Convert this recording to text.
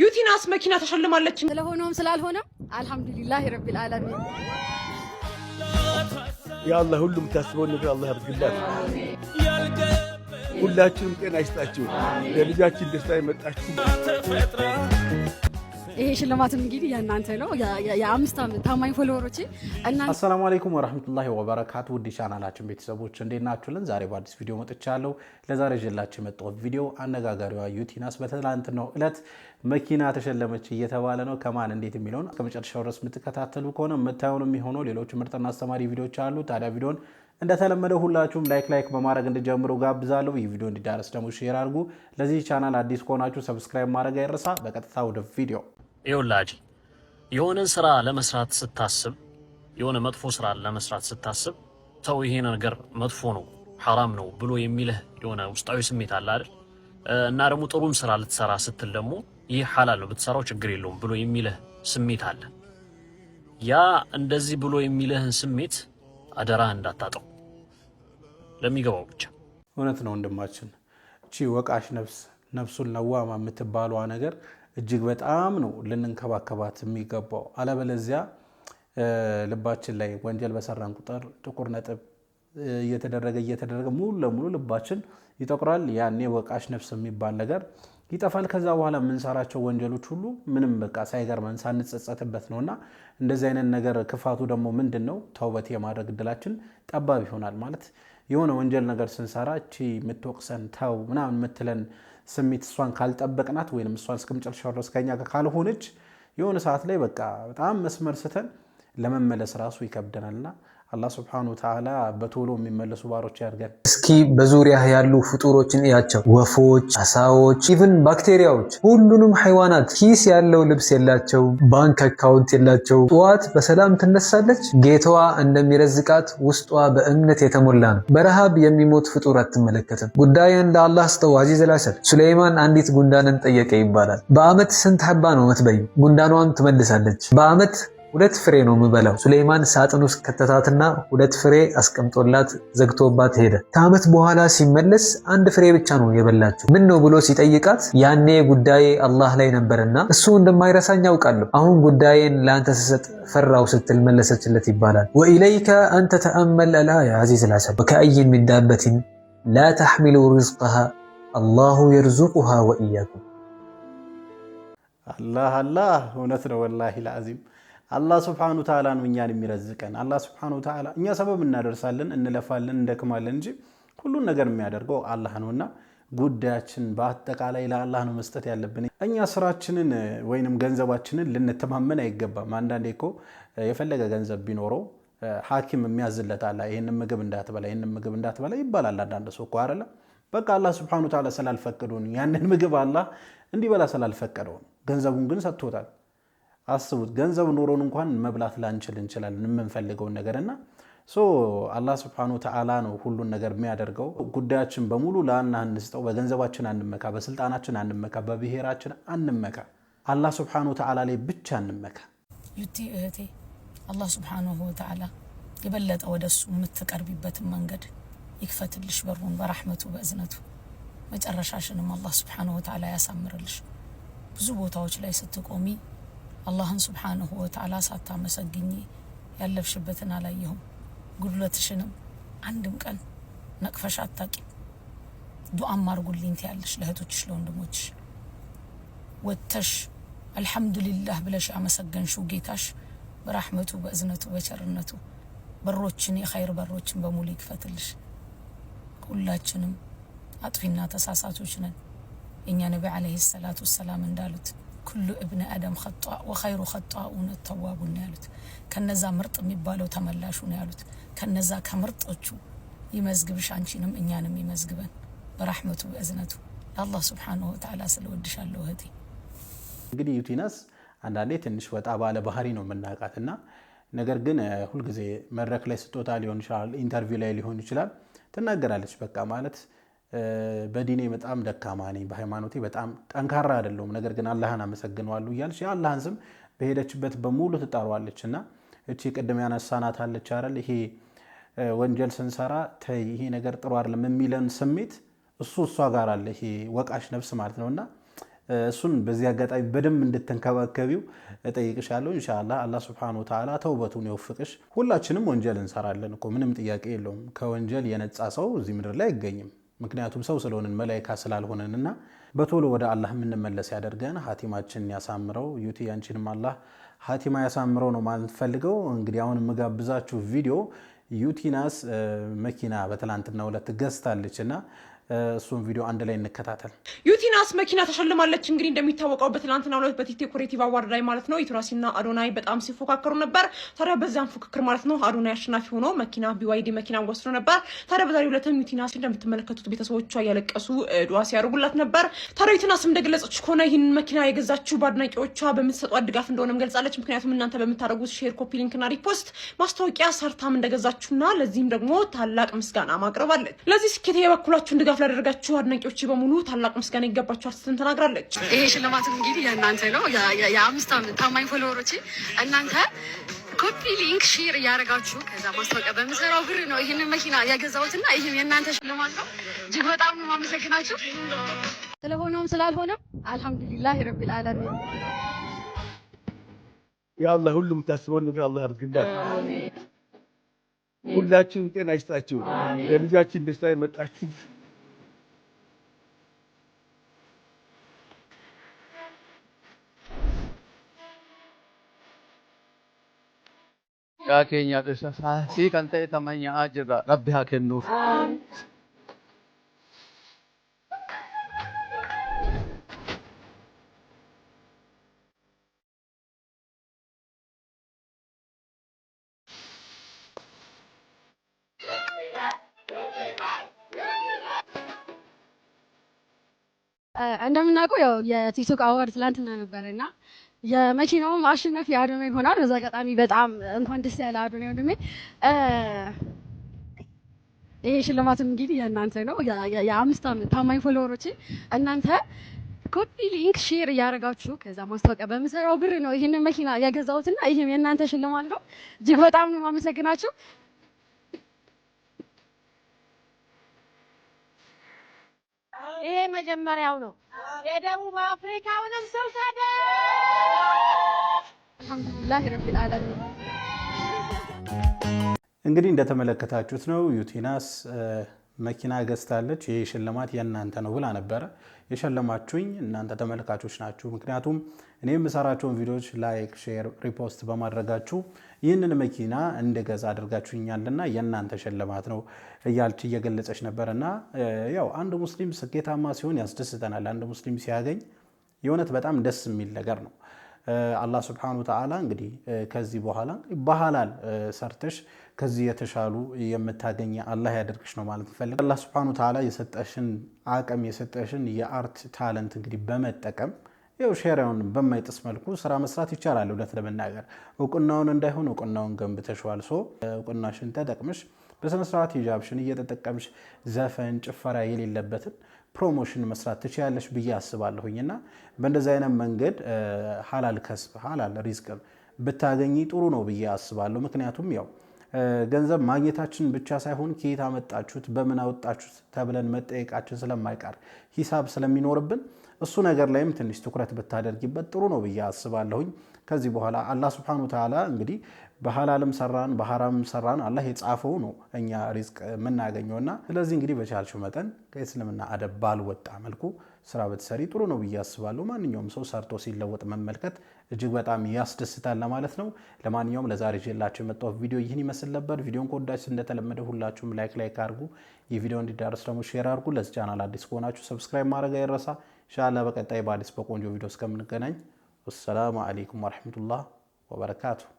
ዩቲናስ መኪና ተሸልማለች። ስለሆነውም ስላልሆነም አልሐምዱሊላህ ረቢል ዓለሚን። ያአላህ ሁሉም ታስበውን ነገር አላህ ያድርግላት። ሁላችንም ጤና ይስጣችሁ። ለልጃችን ደስታ የመጣችሁ ይሄ ሽልማትም እንግዲህ የእናንተ ነው። የአምስት ዓመት ታማኝ ፎሎወሮች አሰላሙ አለይኩም ወረህመቱላሂ ወበረካቱ። ውድ ቻናላችን ቤተሰቦች እንዴት ናችሁልን? ዛሬ በአዲስ ቪዲዮ መጥቻለሁ። ለዛሬ ይዤላችሁ የመጣሁት ቪዲዮ አነጋጋሪዋ ዩቲናስ በትላንትናው ዕለት መኪና ተሸለመች እየተባለ ነው። ከማን እንዴት የሚለውን ከመጨረሻው ድረስ የምትከታተሉ ከሆነ የምታየውን የሚሆነው ሌሎች ምርጥና አስተማሪ ቪዲዮዎች አሉ። ታዲያ ቪዲዮን እንደተለመደ ሁላችሁም ላይክ ላይክ በማድረግ እንድጀምሩ ጋብዛለሁ። ይህ ቪዲዮ እንዲዳረስ ደግሞ ሼር አድርጉ። ለዚህ ቻናል አዲስ ከሆናችሁ ሰብስክራይብ ማድረግ አይረሳ። በቀጥታ ወደ ቪዲዮ ይወላጅ የሆነን ስራ ለመስራት ስታስብ የሆነ መጥፎ ስራ ለመስራት ስታስብ ተው ይሄ ነገር መጥፎ ነው ሐራም ነው ብሎ የሚልህ የሆነ ውስጣዊ ስሜት አለ አይደል? እና ደግሞ ጥሩም ስራ ልትሰራ ስትል ደግሞ ይህ ሐላል ነው ብትሰራው ችግር የለውም ብሎ የሚልህ ስሜት አለ። ያ እንደዚህ ብሎ የሚልህን ስሜት አደራህ እንዳታጠው ለሚገባው ብቻ። እውነት ነው ወንድማችን፣ እቺ ወቃሽ ነፍስ ነፍሱን ለዋማ የምትባሏ ነገር እጅግ በጣም ነው ልንንከባከባት የሚገባው። አለበለዚያ ልባችን ላይ ወንጀል በሰራን ቁጥር ጥቁር ነጥብ እየተደረገ እየተደረገ ሙሉ ለሙሉ ልባችን ይጠቁራል። ያኔ ወቃሽ ነፍስ የሚባል ነገር ይጠፋል። ከዛ በኋላ የምንሰራቸው ወንጀሎች ሁሉ ምንም በቃ ሳይገርመን ሳንጸጸትበት እና እንደዚህ አይነት ነገር ክፋቱ ደግሞ ምንድን ነው? ተውበት የማድረግ እድላችን ጠባብ ይሆናል ማለት የሆነ ወንጀል ነገር ስንሰራ እቺ የምትወቅሰን ተው ምናምን የምትለን ስሜት እሷን ካልጠበቅናት ወይም እሷን እስከመጨረሻው ድረስ ከኛ ጋር ካልሆነች የሆነ ሰዓት ላይ በቃ በጣም መስመር ስተን ለመመለስ ራሱ ይከብደናልና አላህ ስብሐነሁ ወተዓላ በቶሎ የሚመለሱ ባሮች ያድርገን። እስኪ በዙሪያ ያሉ ፍጡሮችን እያቸው፣ ወፎች፣ አሳዎች፣ ኢቭን ባክቴሪያዎች፣ ሁሉንም ሃይዋናት ኪስ ያለው ልብስ የላቸው፣ ባንክ አካውንት የላቸው። ጠዋት በሰላም ትነሳለች፣ ጌታዋ እንደሚረዝቃት ውስጧ በእምነት የተሞላ ነው። በረሃብ የሚሞት ፍጡር አትመለከትም። ጉዳይን ለአላህ ስጠው። አዚዝ አልሐሰን ሱሌይማን አንዲት ጉንዳንን ጠየቀ ይባላል። በአመት ስንት ሀባ ነው መትበይ? ጉንዳኗን ትመልሳለች። በአመት ሁለት ፍሬ ነው የምበላው። ሱሌይማን ሳጥን ውስጥ ከተታትና ሁለት ፍሬ አስቀምጦላት ዘግቶባት ሄደ። ከዓመት በኋላ ሲመለስ አንድ ፍሬ ብቻ ነው የበላችው። ምን ነው ብሎ ሲጠይቃት ያኔ ጉዳዬ አላህ ላይ ነበርና እሱ እንደማይረሳኝ ያውቃለሁ፣ አሁን ጉዳዬን ለአንተ ስሰጥ ፈራው ስትል መለሰችለት ይባላል። ወኢለይከ አንተ ተአመል አልአያ አዚዝ ልሐሰብ ወከአይን ሚን ዳበትን ላ ተሕሚሉ ርዝቅሃ አላሁ የርዙቁሃ ወኢያኩም። አላህ አላህ እውነት ነው ወላሂ ልዓዚም አላህ ስብሓኑ ተዓላ ነው እኛን የሚረዝቀን። አላህ ስብሓኑ ተዓላ እኛ ሰበብ እናደርሳለን፣ እንለፋለን፣ እንደክማለን እንጂ ሁሉን ነገር የሚያደርገው አላህ ነውና ጉዳያችን በአጠቃላይ ለአላህ ነው መስጠት ያለብን። እኛ ስራችንን ወይንም ገንዘባችንን ልንተማመን አይገባም። አንዳንዴ እኮ የፈለገ ገንዘብ ቢኖረው ሐኪም የሚያዝለት አለ ይህን ምግብ እንዳትበላ ይህን ምግብ እንዳትበላ ይባላል። አንዳንድ ሰው እኮ አይደለም በቃ አላህ ስብሓኑ ተዓላ ስላልፈቀደውን ያንን ምግብ አላህ እንዲበላ ስላልፈቀደውን ገንዘቡን ግን ሰጥቶታል። አስቡት ገንዘብ ኖሮን እንኳን መብላት ላንችል እንችላለን የምንፈልገውን ነገር እና አላህ ስብሐነ ወተዓላ ነው ሁሉን ነገር የሚያደርገው። ጉዳያችን በሙሉ ለአላህ እንስጠው። በገንዘባችን አንመካ፣ በስልጣናችን አንመካ፣ በብሔራችን አንመካ። አላህ ስብሐነ ወተዓላ ላይ ብቻ አንመካ። ዩቲ እህቴ አላህ ስብሐነሁ ወተዓላ የበለጠ ወደ እሱ የምትቀርቢበትን መንገድ ይክፈትልሽ በሩን በራሕመቱ በእዝነቱ። መጨረሻሽንም አላህ ስብሐነሁ ወተዓላ ያሳምርልሽ። ብዙ ቦታዎች ላይ ስትቆሚ አላህን ስብሓንሁ ወተዓላ ሳታመሰግኝ ያለፍሽበትን አላየሁም። ጉድለትሽንም አንድም ቀን ነቅፈሽ አታቂም። ዱአም አርጉልኝ ትያለሽ ለእህቶችሽ ለወንድሞችሽ። ወጥተሽ አልሐምዱሊላህ ብለሽ ያመሰገንሽው ጌታሽ በራህመቱ በእዝነቱ በቸርነቱ በሮችን የኸይር በሮችን በሙሉ ይክፈትልሽ። ሁላችንም አጥፊና ተሳሳቾች ነን። የእኛ ነቢ ዓለይሂ ሰላቱ ወሰላም እንዳሉት ኩሉ እብነ አደም ኸጧ ወኸይሩ ከጧ እውነት ተዋቡ ነው ያሉት። ከነዛ ምርጥ የሚባለው ተመላሹ ነው ያሉት። ከነዛ ከምርጦቹ ይመዝግብሽ አንቺንም እኛንም ይመዝግበን በራሕመቱ በእዝነቱ። ለአላህ ስብሓነሁ ወተዓላ ስለወድሻለሁ እህቴ። እንግዲህ ዩቲናስ አንዳንዴ ትንሽ ወጣ ባለ ባህሪ ነው የምናውቃት እና ነገር ግን ሁልጊዜ መድረክ ላይ ስጦታ ሊሆን ይችላል፣ ኢንተርቪው ላይ ሊሆን ይችላል፣ ትናገራለች በቃ ማለት በዲኔ በጣም ደካማ ነኝ፣ በሃይማኖቴ በጣም ጠንካራ አይደለሁም፣ ነገር ግን አላህን አመሰግነዋለሁ እያለች የአላህን ስም በሄደችበት በሙሉ ትጠሯለች። እና እቺ ቅድም ያነሳናት አለች አይደል? ይሄ ወንጀል ስንሰራ ተይ ይሄ ነገር ጥሩ አይደለም የሚለን ስሜት እሱ እሷ ጋር አለ። ይሄ ወቃሽ ነፍስ ማለት ነው እና እሱን በዚህ አጋጣሚ በደንብ እንድትንከባከቢው እጠይቅሻለሁ። ኢንሻላህ አላህ ሱብሓነሁ ወተዓላ ተውበቱን ይወፍቅሽ። ሁላችንም ወንጀል እንሰራለን እኮ ምንም ጥያቄ የለውም። ከወንጀል የነጻ ሰው እዚህ ምድር ላይ አይገኝም። ምክንያቱም ሰው ስለሆንን መላይካ ስላልሆነን በቶሎ ወደ አላህ የምንመለስ ያደርገን፣ ሀቲማችን ያሳምረው። ዩቲ ያንቺንም አላህ ሀቲማ ያሳምረው ነው ማለት ፈልገው። እንግዲህ አሁን የምጋብዛችሁ ቪዲዮ ዩቲናስ መኪና በትላንትና ሁለት ገዝታለች እና እሱን ቪዲዮ አንድ ላይ እንከታተል። ዩቲናስ መኪና ተሸልማለች። እንግዲህ እንደሚታወቀው በትናንትና ሁለት በቲቴ ኮሬቲቭ አዋርድ ላይ ማለት ነው ዩቲናስና አዶናይ በጣም ሲፎካከሩ ነበር። ታዲያ በዚያም ፉክክር ማለት ነው አዶናይ አሸናፊ ሆኖ መኪና ቢዋይዲ መኪና ወስዶ ነበር። ታዲያ በዛሬው ዕለትም ዩቲናስ እንደምትመለከቱት ቤተሰቦቿ እያለቀሱ ድዋ ሲያደርጉላት ነበር። ታዲያ ዩቲናስ እንደገለጸች ከሆነ ይህን መኪና የገዛችው በአድናቂዎቿ በምትሰጧት ድጋፍ እንደሆነም ገልጻለች። ምክንያቱም እናንተ በምታደርጉት ሼር፣ ኮፒ ሊንክና ሪፖስት ማስታወቂያ ሰርታም እንደገዛችሁና ለዚህም ደግሞ ታላቅ ምስጋና ማቅረባለች። ለዚህ ስኬት የበኩላችሁን ድጋፍ ላደረጋችሁ አድናቂዎች በሙሉ ታላቅ ምስጋና ይገባችኋል ስትል ተናግራለች። ይሄ ሽልማት እንግዲህ የእናንተ ነው። የአምስት ታማኝ ፎሎወሮች እናንተ ኮፒ ሊንክ ሼር እያደረጋችሁ ከዛ ማስታወቂያ በምሰራው ብር ነው ይህን መኪና ያገዛሁትና ይህም የእናንተ ሽልማት ነው። እጅግ በጣም ነው የማመሰግናችሁ። ስለሆነውም ስላልሆነም አልሐምዱሊላህ ረቢል ዓለሚን። የአላህ ሁሉም ታስበውን ነገር አላህ ያርግላት። ሁላችሁም ጤና ይስጣችሁ። ለልጃችን ደስታ የመጣችሁ maqaa keenya isa saasii kan ta'e tamanyaa jirra. Rabbi haa kennuuf. እንደምናውቀው ያው የቲክቶክ አዋርድ ትላንትና ነበረና የመኪናውም አሸናፊ አዶናይ ይሆናል። በዛ አጋጣሚ በጣም እንኳን ደስ ያለ አዶናይ ወንድሜ። ይሄ ሽልማትም እንግዲህ የእናንተ ነው። የአምስት ዓመት ታማኝ ፎሎወሮች እናንተ ኮፒ ሊንክ ሼር እያደረጋችሁ ከዛ ማስታወቂያ በምሰራው ብር ነው ይህንን መኪና ያገዛሁትና ይህም የእናንተ ሽልማት ነው። እጅግ በጣም ነው የማመሰግናችሁ። ይሄ መጀመሪያው ነው። የደቡብ አፍሪካውንም ሰው ሳደ አልሐምዱሊላህ ረቢል ዓለሚን። እንግዲህ እንደተመለከታችሁት ነው ዩቲናስ መኪና ገዝታለች። ይሄ ሽልማት የእናንተ ነው ብላ ነበረ የሸለማችሁኝ እናንተ ተመልካቾች ናችሁ። ምክንያቱም እኔ የምሰራቸውን ቪዲዮዎች ላይክ፣ ሼር፣ ሪፖስት በማድረጋችሁ ይህንን መኪና እንድገዛ አድርጋችሁኛልና የእናንተ ሸለማት ነው እያልች እየገለጸች ነበርና ያው አንድ ሙስሊም ስኬታማ ሲሆን ያስደስተናል። አንድ ሙስሊም ሲያገኝ የእውነት በጣም ደስ የሚል ነገር ነው። አላህ ስብሐነሁ ወተዓላ እንግዲህ ከዚህ በኋላ ባህላል ሰርተሽ ከዚህ የተሻሉ የምታገኝ አላህ ያደርግሽ ነው ማለት ፈልግ። አላህ ስብሐነሁ ወተዓላ የሰጠሽን አቅም የሰጠሽን የአርት ታለንት እንግዲህ በመጠቀም ያው ሸሪያውን በማይጥስ መልኩ ስራ መስራት ይቻላል። እውነት ለመናገር እውቅናውን እንዳይሆን እውቅናውን ገንብተሽዋል። ሶ እውቅናሽን ተጠቅምሽ በስነስርዓት ሂጃብሽን እየተጠቀምሽ ዘፈን፣ ጭፈራ የሌለበትን ፕሮሞሽን መስራት ትችያለሽ ብዬ አስባለሁኝ እና በእንደዚህ አይነት መንገድ ሀላል ከስብ ሀላል ሪዝቅን ብታገኝ ጥሩ ነው ብዬ አስባለሁ። ምክንያቱም ያው ገንዘብ ማግኘታችን ብቻ ሳይሆን ከየት አመጣችሁት፣ በምን አወጣችሁት ተብለን መጠየቃችን ስለማይቀር ሂሳብ ስለሚኖርብን እሱ ነገር ላይም ትንሽ ትኩረት ብታደርጊበት ጥሩ ነው ብዬ አስባለሁኝ። ከዚህ በኋላ አላህ ስብሐነሁ ወተዓላ እንግዲህ በሐላልም ሰራን በሐራምም ሰራን አላህ የጻፈው ነው እኛ ሪዝቅ የምናገኘውና ስለዚህ እንግዲህ በቻልሽው መጠን ከእስልምና አደብ ባልወጣ መልኩ ስራ ብትሰሪ ጥሩ ነው ብዬ አስባለሁ። ማንኛውም ሰው ሰርቶ ሲለወጥ መመልከት እጅግ በጣም ያስደስታል ለማለት ነው። ለማንኛውም ለዛሬ ይዤላችሁ የመጣሁት ቪዲዮ ይህን ይመስል ነበር። ቪዲዮን ከወዳችሁ እንደተለመደ ሁላችሁም ላይክ ላይክ አድርጉ። ይህ ቪዲዮ እንዲዳረስ ደግሞ ሼር አድርጉ። ለዚህ ቻናል አዲስ ከሆናችሁ ሰብስክራይብ ማድረግ አይረሳ። ان شاء الله بقى طيب بعد اسبوع كون جو فيديو السلام عليكم ورحمه الله وبركاته